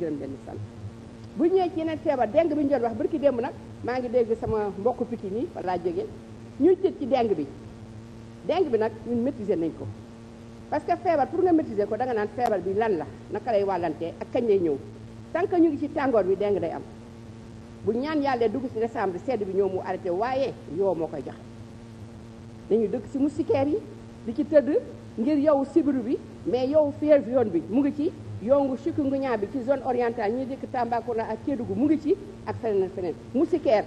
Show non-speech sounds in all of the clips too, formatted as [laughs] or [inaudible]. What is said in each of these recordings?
juróom benn fan bu ñëwee ci yeneen feebar deng bi ñu doon wax ki démb nag maa ngi dégg sama mbokku Pikine yi fa laa jóge ñu jël ci deng bi deng bi nag ñun maîtriser nañ ko parce que feebar pour nga maîtriser ko da nga naan feebar bi lan la naka lay wàllantee ak kañ lay ñëw tant que ñu ngi ci tàngoor bi deng day am bu ñaan yàlla dugg ci décembre sedd bi ñëw mu arrêté waaye yow moo koy joxe dañu dëkk ci moustiquaire yi di ci tëdd ngir yow sibiru bi mais yow fièvre yoon bi mu ngi ci yongu chikungunya bi ci zone orientale ñuy dëkk Tambacounda ak Kédougou mu ngi ci ak feneen ak feneen moustiquaire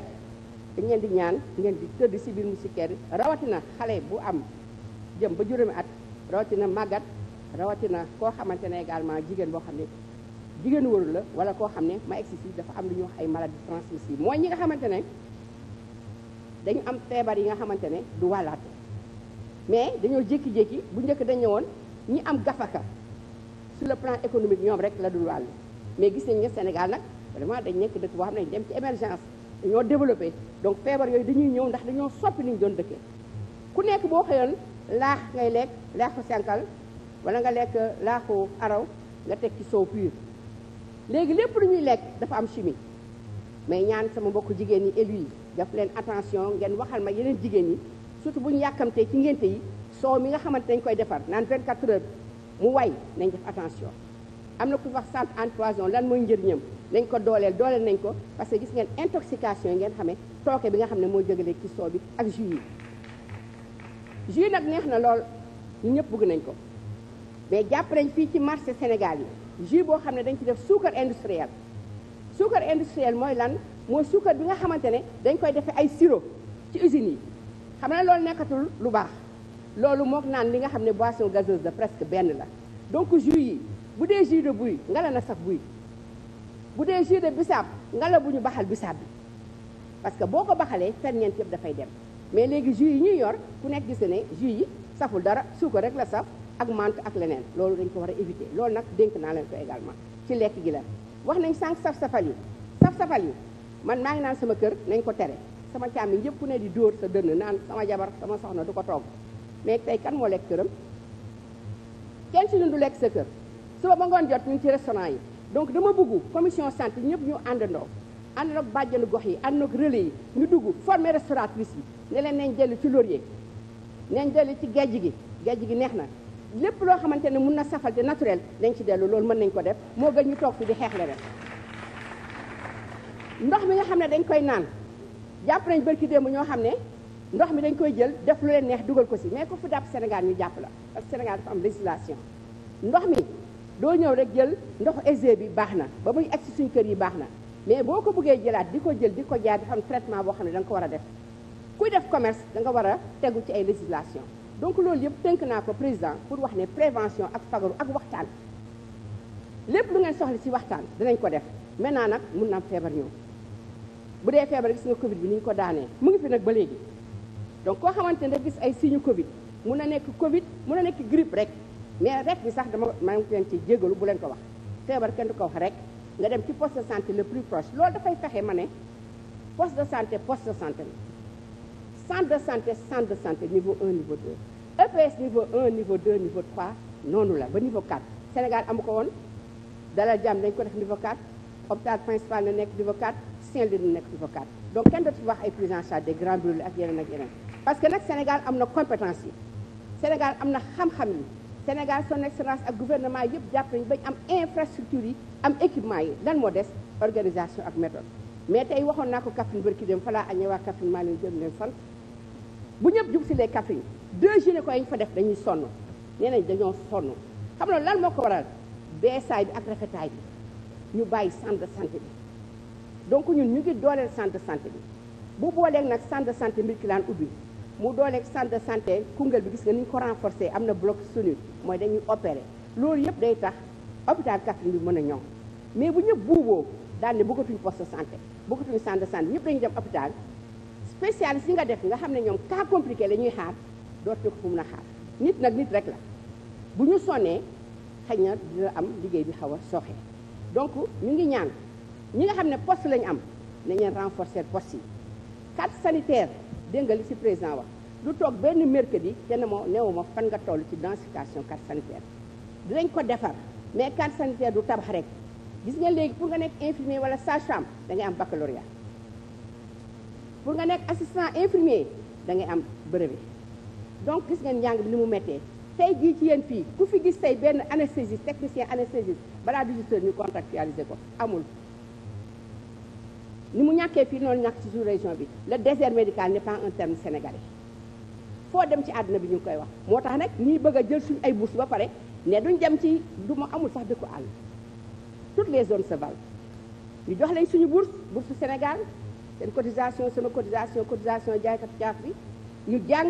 dañ leen di ñaan ngeen di tëdd si biir moustiquaire rawatina xale bu am jëm ba juróomi at rawatina màggat rawatina koo xamante ne également jigéen boo xam ne jigéenu warul la wala koo xam ne ma egsi si dafa am lu ñuy wax ay maladies transmissibles mooy ñi nga xamante ne dañu am feebar yi nga xamante ne du wàllaate mais dañoo jékki-jékki bu njëkk dañu woon ñi am gafaka sur le plan économique ñoom rek la dul wàllu mais gis nañ ne Sénégal nag vraiment dañ nekk dëkk boo xam ne dem ci émergence ñoo développé donc feebar yooyu dañuy ñëw ndax dañoo soppi ni ñu doon dëkkee ku nekk boo xëyoon laax ngay lekk laaxu senkal wala nga lekk laaxu araw nga teg ci soow pur léegi lépp lu ñuy lekk dafa am chimie mais ñaan sama mbokk jigéen ñi élu yi leen attention ngeen waxal ma yeneen jigéen ñi surtout bu ñu yàkkamtee ci ngénte yi soow mi nga xamante dañ koy defar naan 24 heures mu way nañ def attention am na ku wax centre antipoison lan mooy njëriñam nañ ko dooleel dooleel nañ ko parce que gis ngeen intoxication yi ngeen xamee tooke bi nga xam ne moo jógalee ci soo bi ak jus yi jus nag neex na lool ñu ñëpp bëgg nañ ko mais jàpp nañ fii ci marché Sénégal yi jus boo xam ne dañ ci def suukar industriel suukar industriel mooy lan mooy suukar bi nga xamante ne dañ koy defee ay sirop ci usines yi xam ne loolu nekkatul lu baax loolu mook naan li nga xam ne boisson gazeuse la presque benn la donc jus yi bu dee jus de buy ngala na sax buy bu dee jus de bisaab ngala bu ñu baxal bisaab bi parce que boo ko baxalee ferñeent yëpp dafay dem mais léegi jus yi ñuy yor ku nekk gis ne jus yi saful dara ko rek la saf ak mante ak leneen loolu dañ ko war a éviter loolu nag dénk naa leen ko également ci lekk gi la wax nañ sànq saf-safal yi saf-safal yi man maa ngi naan sama kër nañ ko tere sama càmmiñ yëpp ku ne di dóor sa dënn naan sama jabar sama soxna du ko togg mais tey kan moo lekk këram kenn ci ñun du lekk sa kër suba ba ngoon jot ñu ci restaurant yi donc dama bëgg commission santé ñëpp ñu àndandoo àndandoo bàjjanu gox yi àndandoo relais yi ñu dugg former restauratrice yi ne leen nañ dellu ci laurier nañ dellu ci gejj gi gejj gi neex na lépp loo xamante ne mun na safal te naturel dañ ci dellu loolu mën nañ ko def moo gën ñu toog fi di xeex la def ndox mi nga xam ne dañ koy naan jàpp nañ bërki démb ñoo xam ne ndox mi dañ koy jël def lu leen neex dugal ko si mais ko fu dàpp Sénégal ñu jàpp la parce que Sénégal dafa am législation ndox mi doo ñëw rek jël ndox EG bi baax na ba muy agsi suñ kër yi baax na mais boo ko buggee jëlaat di ko jël di ko jaar dafa am traitement boo xam ne da ko war a def kuy def commerce da nga war a tegu ci ay législation donc loolu yëpp tënk naa ko président pour wax ne prévention ak fagaru ak waxtaan lépp lu ngeen soxla si waxtaan dinañ ko def maintenant nag mun na am feebar ñëw bu dee feebar gis nga bi ni ko daanee mu ngi fi nag ba léegi donc koo xamante ne gis ay signe Covid mu na nekk Covid mun na nekk grippe rek mais rek bi sax dama maa ngi leen ci jégalu bu leen ko wax feebar kenn du ko wax rek nga dem ci poste de santé le plus proche loolu dafay fexe ma ne poste de santé post de santé la centre de santé centre de niveau 1 niveau 2 EPS niveau 1 niveau 2 noonu la ba niveau 4 Sénégal amu ko woon Dalal Jàmm dañ ko def niveau 4 hôpital principal na nekk niveau 4 Saint-Louis na donc kenn dootu wax ay prise en ak yeneen ak yeneen parce que nag Sénégal am na compétence yi Sénégal am na xam-xam yi Sénégal son excellence ak gouvernement yëpp jàpp nañu bañ am infrastructure yi am équipement yi lan moo des organisation ak méthode mais tey waxoon naa ko Kaffrine bërki dem falaa añee waa Kaffrine maa leen jëm leen sant bu ñëpp jub si les Kaffrine deux gynéco ko yañ fa def dañuy sonn nee dañoo sonn xam nga lan moo ko waral beesaay bi ak rafetaay bi ñu bàyyi centre de santé bi donc ñun ñu ngi dooleel sant de santé bi bu nag centre de santé ki laan ubbi mu dooleeg centre de santé Koungheul bi gis nga ni ñu ko renforcer am na bloc sunu mooy dañuy opérer loolu yëpp day tax hôpital Kaffrine bi mën a ñoŋ mais bu ñëpp buuboo daal ne bëggatuñ poste de santé bëggatuñ centre de santé ñëpp dañu dem hôpital spécialiste yi nga def nga xam ne ñoom cas compliqué la ñuy xaar dootuñu ko fu mun a xaar nit nag nit rek la bu ñu sonnee xëy na dina am liggéey bi xaw a sooxe donc ñu ngi ñaan ñi nga xam ne poste lañu am nañu leen renforcer poste yi sanitaire dégg nga li ci président wax du toog benn mercredi kenn moo neewu ma fan nga toll ci densification carte sanitaire dinañ ko defar mais carte sanitaire du tabax rek gis nga léegi pour nga nekk infirmier wala sage-femme da am baccalauréat pour nga nekk assistant infirmier da ngay am brevet donc gis ngeen njàng bi li mu méttee tey gii ci yéen fii ku fi gis tey benn anesthésiste technicien anesthésiste balaa 18 heures ñu contractualiser ko amul ni mu ñàkkee fii noonu ñàkk ci sous région bi le désert médical n'est pas un terme sénégalais foo dem ci àdduna bi ñu koy wax moo tax nag ñuy bëgg a jël suñu ay bourse ba pare ne duñ dem ci du ma amul sax dëkku àll toutes les zones se ñu jox lañ suñu bourse bourse Sénégal seen cotisation sama cotisation cotisation jaaykat caaf bi ñu jàng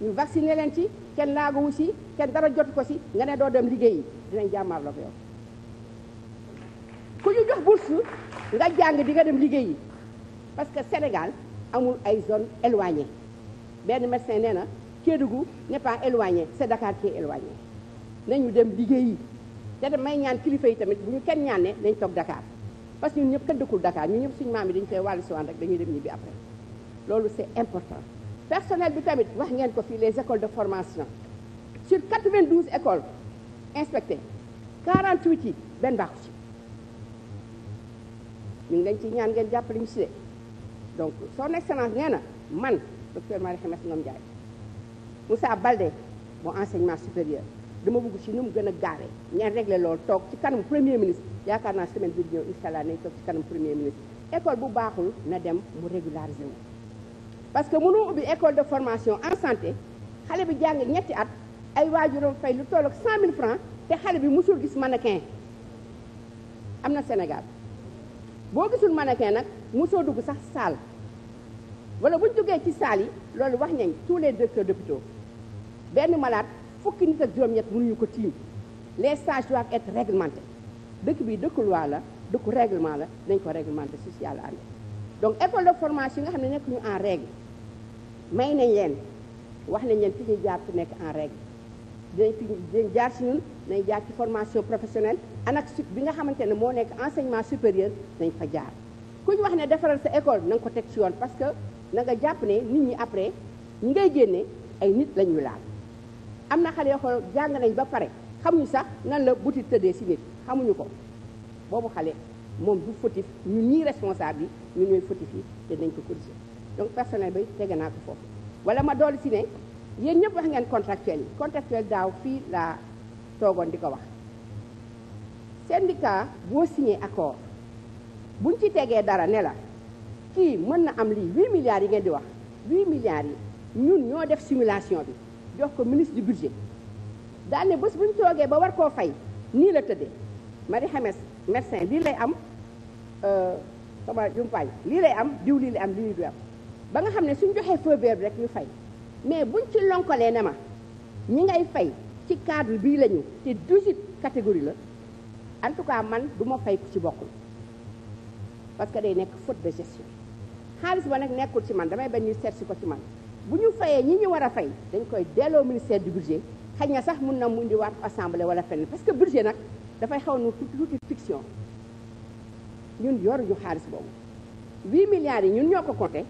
ñu vacciné leen ci kenn laaguwu si kenn dara jotu ko si nga ne doo dem liggéey yi dinañ jàmmaarloo ko yow sax bourse nga jàng di nga dem liggéeyi parce que Sénégal amul ay zone éloignée benn médecin nee na Kédougou n'est pas éloigné c'est Dakar qui est éloigné nañu dem liggéeyi te dem may ñaan kilifa tamit bu ñu kenn ñaanee ne nañ toog Dakar parce que ñun ñëpp kenn dëkkul Dakar ñu ñëpp suñu maam yi dañ koy wàllu si waan rek dañuy dem ñibbi après loolu c'est important personnel bi tamit wax ngeen ko fii les écoles de formation sur 92 écoles inspectées 48 yi benn baaxu ci ñu ngi leen ci ñaan ngeen jàppale ñu si donc son excellence nee na man docteur Marie Khemesse Ngom Ndiaye Moussa balde moo enseignement supérieur dama bëgg si nu mu gën a gaawee ñaan réglé lool toog ci kanam premier ministre yaakaar naa semaine bi di ñëw incha allah nañ toog ci kanam premier ministre école bu baaxul na dem mu régulariser wu parce que mënoo ubbi école de formation en santé xale bi jàng ñetti at ay waajuram fay lu toll ak 100000 francs te xale bi musul gis mannequin am na Sénégal boo gisul mannequin nag mosoo dugg sax salle wala bu ñu duggee ci salle yi loolu wax nañ tous les directeurs d'hôpitaux benn malade fukki nit ak juróom-ñett mënuñu ko tiim les sages et être dëkk bi dëkku loi la dëkku règlement la dañ ko réglementé social ànd donc école de formation yi nga xam ne nekk ñu en règle may ne leen wax nañ leen fi ñuy jaar ci nekk en règle dinañ fi dinañ jaar si ñun nañ jaar ci formation professionnel anak sut bi nga xamante ne moo nekk enseignement supérieur nañ fa jaar ku ñu wax ne defaral sa école na nga ko teg si yoon parce que na nga jàpp ne nit ñi après ñi ngay génne ay nit la ñu laal am na xale yoo xam ba pare xamuñu sax nan la buti tëddee si nit xamuñu ko boobu xale moom du fautif ñun ñii responsable ñu ñun ñooy fautif yi te nañ ko corriger donc personnel bi tege naa ko foofu wala ma dool si ne yéen ñëpp wax ngeen contractuel yi contractuel daaw fii laa toogoon di ko wax syndicat boo signé accord buñ ci tegee dara ne la kii mën na am lii 8 milliards yi ngeen di wax 8 milliards yi ñun ñoo def simulation bi jox ko ministre du budget daal ne bés buñ toogee ba war koo fay nii la tëddee Marie Xemes médecin lii lay am sama euh, jumpaay lii lay am diw lii lay am lii du am ba nga xam ne suñ joxee feu bi rek ñu fay mais buñ ci lonkolee ne ma ñi ngay fay ci cadre bii la ñu te 18 catégorie la en tout cas man du ma fay ci bokkul parce que day nekk faute de gestion xaalis ba nag nekkul ci man damay bañ ñu seet si ko ci man bu ñu fayee ñi ñu war a fay dañ koy delloo ministère du budget xëy na sax mun na mu indiwaat assemblée wala fenn parce que budget nag dafay xaw nu tuuti fiction ñun yoruñu xaalis boobu 8 milliards yi ñun ñoo ko compté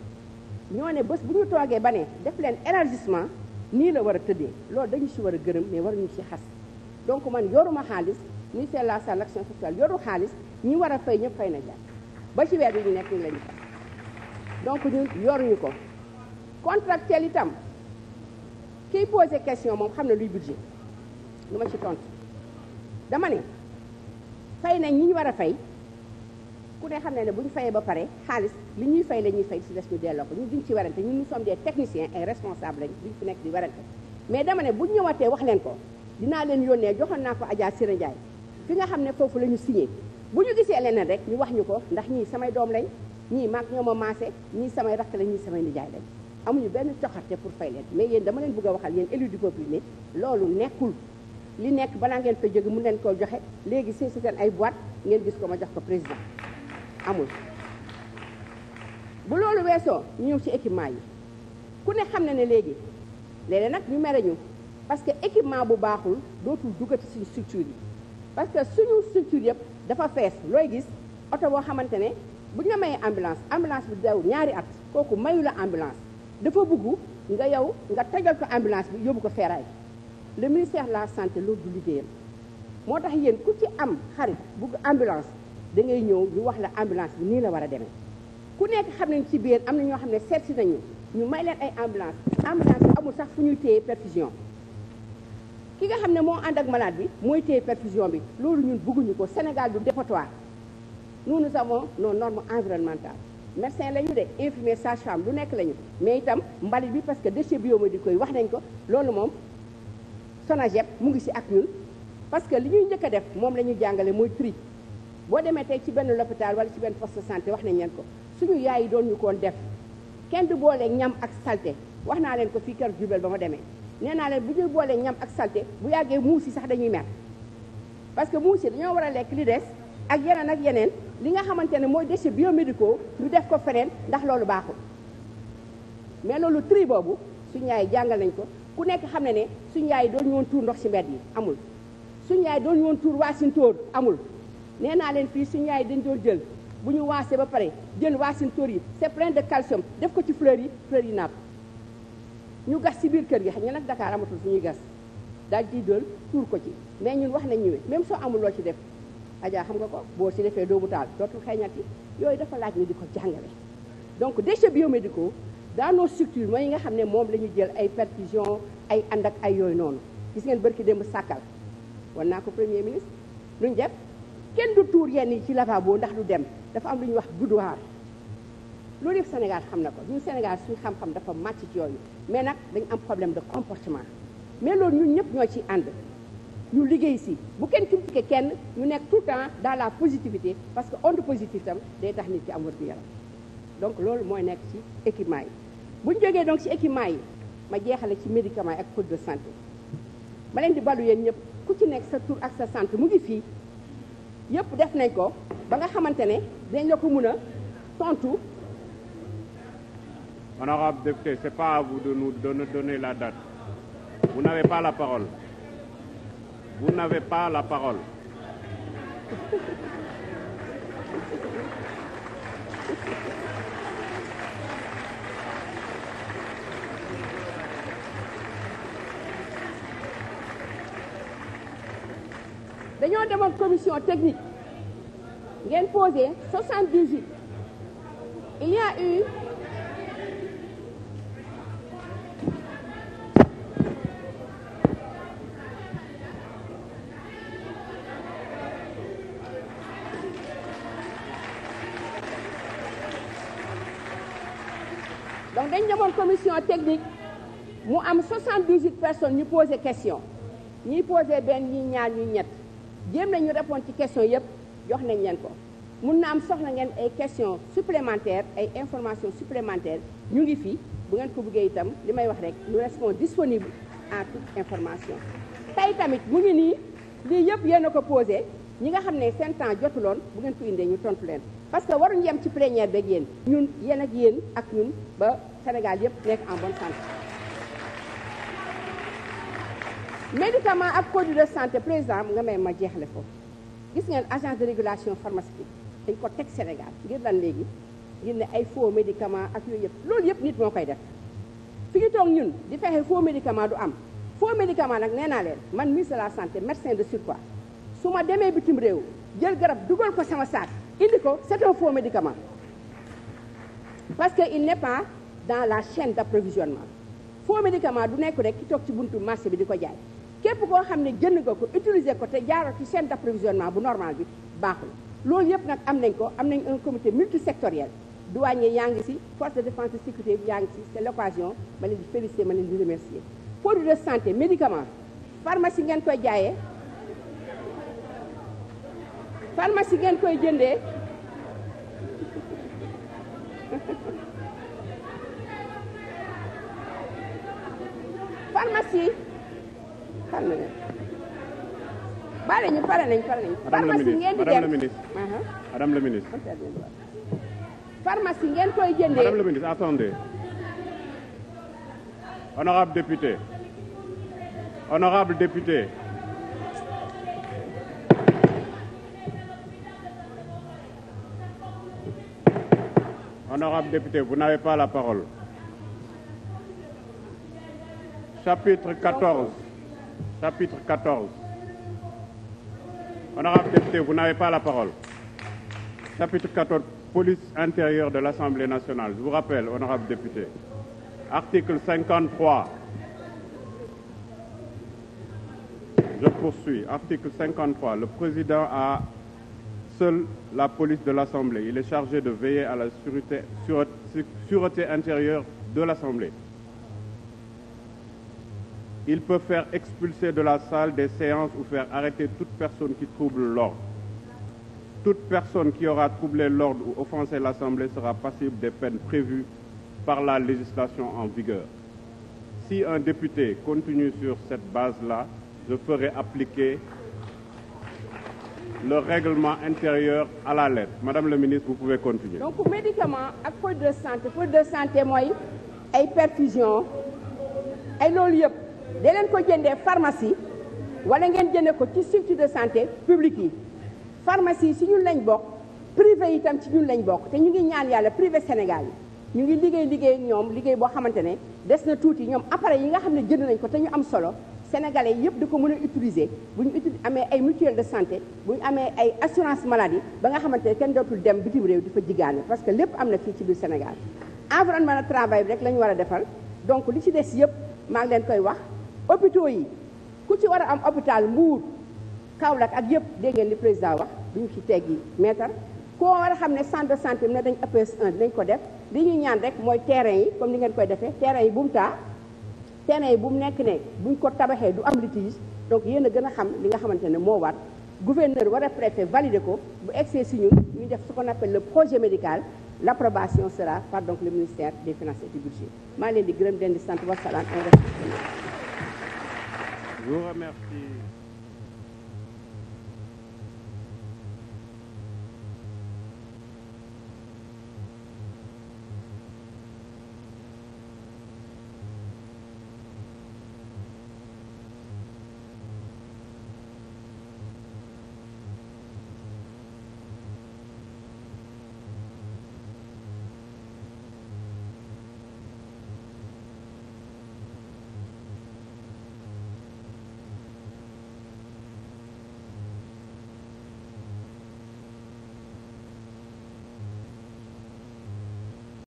ñoo ne bés bu ñu toogee ba ne def leen élargissement nii la war a tëddee loolu dañu si war a gërëm mais war a ñu ci xas donc man yoruma xaalis ministère de la salle action sociale yoru xaalis ñi war a fay ñëpp fay na jàpp ba ci weer bi ñu nekk ñu lañu fay donc ñun yoruñu ko contractuel itam kiy posé question moom xam ne luy budget lu ma ci tontu dama ne fay nañ ñi war a fay ku ne xam ne ne bu ñu fayee ba pare xaalis li ñuy fay la ñuy fay si des ñu delloo ko ñu duñ ci warante ñun nous sommes des techniciens ay responsables fi nekk di warante mais dama ne bu ñu ñëwatee wax leen ko dinaa leen yónnee joxoon naa ko ajaa Sira jaay fi nga xam ne foofu la ñu signé bu ñu gisee leneen rek ñu wax ñu ko ndax ñii samay doom lañ ñii maag ñoo ma maase ñii samay rakk lañ ñii samay nijaay lañ amuñu benn coxarte pour fay leen mais yéen dama leen bëgg a waxal yéen élu du peuple ne loolu nekkul li nekk balaa ngeen fay jóge mun leen ko joxe léegi seen si seen ay boîte ngeen gis ko ma jox ko président amul bu loolu weesoo ñu ñëw si équipement yi ku ne xam na ne léegi léeg nag ñu mere ñu parce que équipement bu baaxul dootul duggati suñu structure yi parce que suñu structure yëpp dafa fees looy gis oto boo xamante ne bu ñu la mayee ambulance ambulance bi daw ñaari at kooku mayu la ambulance dafa bugg nga yow nga tajal ko ambulance bi yóbbu ko feeraay le ministère de la santé loolu du liggéeyam moo tax yéen ku ci am xarit bugg ambulance da ngay ñëw ñu wax la ambulance bi nii la war a demee ku nekk xam nañ ci biir am na ñoo xam ne seet si nañu ñu may leen ay ambulance ambulance bi amul sax fu ñuy téye perfusion ki nga xam ne moo ànd ak malade bi mooy téye perfusion bi loolu ñun bëgguñu ko Sénégal du dépotoir nous nous avons nos normes environnementales médecin la ñu de infirmier sage-femme nekk la ñu mais itam mbalit bi parce que déchets di koy wax nañ ko loolu moom SONAGED mu ngi si ak ñun parce que li ñuy njëkk def moom la ñuy jàngale mooy tri boo demee tey ci benn l'hôpital wala ci benn poste de santé wax nañ leen ko suñu yaay yi doon ñu koon def kenn du boole ñam ak salté wax naa leen ko fii kër jubel ba ma demee nee naa leen bu ñuy boolee ñam ak salté bu yàggee muus yi sax dañuy mer parce que muus yi dañoo war a lekk li des ak yeneen ak yeneen li nga xamante ne mooy déchets biomédicaux ñu def ko feneen ndax loolu baaxul mais loolu tri boobu suñu yaay jàngal nañ ko ku nekk xam ne ne suñu yaay doon ñoon ndox ci mbedd yi amul suñu yaay doon ñoon tuur waasin tóor amul nee naa leen fii si suñu yaay dañ doon jël bu ñu waasee ba pare jël waasin tóor yi c'est plein de calcium def ko ci fleurs yi fleurs yi ñu gas si biir kër gi xam nga nag Dakar amatul fu ñuy gas daal di jël tuur ko ci mais ñun wax nañ ñëwee même soo amuloo ci def ajaa xam nga ko boo si defee doobu taal dootul xeeñati yooyu dafa laaj ni di ko jàngale donc déchets biomédicaux dans nos structures mooy yi nga xam ne moom la ñu jël ay perfusion ay ànd ak ay yooyu noonu gis ngeen bërki démb sàkkal war naa ko premier ministre luñ kenn du tuur yenn yi ci lavabo ndax du dem dafa am lu ñuy wax boudoir loolu yëpp Sénégal xam na ko ñun Sénégal suñu xam-xam dafa màcc ci yooyu mais nag dañ am problème de comportement mais loolu ñun ñëpp ñoo ciy ànd ñu liggéey si bu kenn critiqué kenn ñu nekk tout temps dans la positivité parce que onde positive tam day tax nit ki am wér gu donc loolu mooy nekk ci équipement yi bu ñu jógee donc ci équipement yi ma jeexale ci médicament ak code de santé ma di balu yéen ñëpp ku ci nekk sa tur ak sa santé mu ngi fii yëpp def nañ ko ba nga xamante ne dañ la ko mun a tontu. Honorable député, c'est pas à vous de nous donner, donner la date. Vous n'avez pas la parole. Vous n'avez pas la parole. [laughs] dañoo demoon commission technique ngeen posé 78 il y a eu donc dañ demoon commission technique mu am 78 personnes ñu posé question ñiy posé benn ñi ñaar ñi ñett jéem nañu répondre ci question yëpp jox nañ leen ko mun na am soxla ngeen ay question supplémentaire ay information supplémentaire ñu ngi fi bu ngeen ko bëggee itam li may wax rek nous restons disponible à toute information tey tamit mu ngi nii lii yëpp yéen ko posé ñi nga xam ne seen jotu loon bu ngeen ko indee ñu tontu leen parce que waruñ yem ci plénière beeg yéen ñun yéen ak yéen ak ñun ba Sénégal yëpp nekk en bonne santé médicament ak produit de santé président nga may ma jeexle foofu gis ngeen agence de régulation pharmaceutique dañ ko teg Sénégal ngir lan léegi ngir ne ay faux médicament ak yooyu yëpp loolu yëpp nit moo koy def fi ñu toog ñun di fexe faux médicament du am faux médicament nag nee naa leen man ministre de la santé médecin de surcroît su ma demee bitim réew jël garab dugal ko sama saak indi ko c'est un faux médicament parce que il n'est pas dans la chaîne d'approvisionnement faux médicament du nekk rek ki toog ci buntu marché bi di ko jaay képp koo xam ne jënd nga ko utiliser ko te jaaroo ci chaîne d'approvisionnement bu normal bi baaxul loolu yëpp nag am nañ ko am nañ un comité multisectoriel douanier yaa ngi si force de défense et sécurité yaa ngi si c'est l'occasion ma leen di féliciter ma leen di remercier produit de santé médicament pharmacie ngeen koy jaayee pharmacie ngeen koy jëndee [laughs] pharmacie pare nañu pare nañu pare nañu pare nañu. pharmacie ngeen di dem uh-huh. madame la ministre madame la ministre. pharmacie ngeen koy jëndee. madame la ministre attendez. honorable député honorable député. Honorable député, vous n'avez pas la parole. Chapitre 14. chapitre 14. Honorable député, vous n'avez pas la parole. Chapitre 14, police intérieure de l'Assemblée nationale. Je vous rappelle, honorable député, article 53. Je poursuis. Article 53. Le président a la police de l'Assemblée. de veiller à la sûreté, sûreté, sûreté Il peut faire expulser de la salle des séances ou faire arrêter toute personne qui trouble l'ordre. Toute personne qui aura troublé l'ordre ou offensé l'Assemblée sera passible des peines prévues par la législation en vigueur. Si un député continue sur cette base-là, je ferai appliquer le règlement intérieur à la lettre. Madame la ministre, vous pouvez continuer. Donc médicament ak poste de santé poste de santé mooy perfusion ay loolu yëpp da leen ko jëndee pharmacie wala ngeen jëndee ko ci structure de santé publique yi pharmacie si ñun lañ bokk privé tam ci ñun lañ bokk te ñu ngi ñaan yàlla privé Sénégal yi ñu ngi liggéey liggéey ñoom liggéey boo xamante ne des na tuuti ñoom appareil yi nga xam ne jënd nañ ko te ñu am solo sénégalais yëpp di ko mën a utiliser bu ñu amee ay mutuelle de santé bu ñu amee ay assurance maladie ba nga xamante ne kenn dootul dem bitim réew di fa jigaane parce que lépp am na fii ci biir Sénégal environnement de travail bi rek la ñu war a defal donc li ci des yëpp maa ngi leen koy wax hôpitaux yi ku ci war a am hôpital Mbuur Kaolack ak yëpp dégg ngeen li président wax duñu ci teggi meetar koo war a xam ne centre de santé bi ne dañ EPS 1 dinañ ko def li ñuy ñaan rek mooy terrain yi comme ni ngeen koy defee terrain yi bu mu taa terrain yi bu mu nekk ne buñ ko tabaxee du am litige donc yéen a gën a xam li nga xamante ne moo war gouverneur war a préfet valider ko bu egsee si ñun ñu def su ko appelle le projet médical l'approbation sera par donc le ministère des finances et du maa leen di gërëm leen di sant wasalaam Je vous remercie.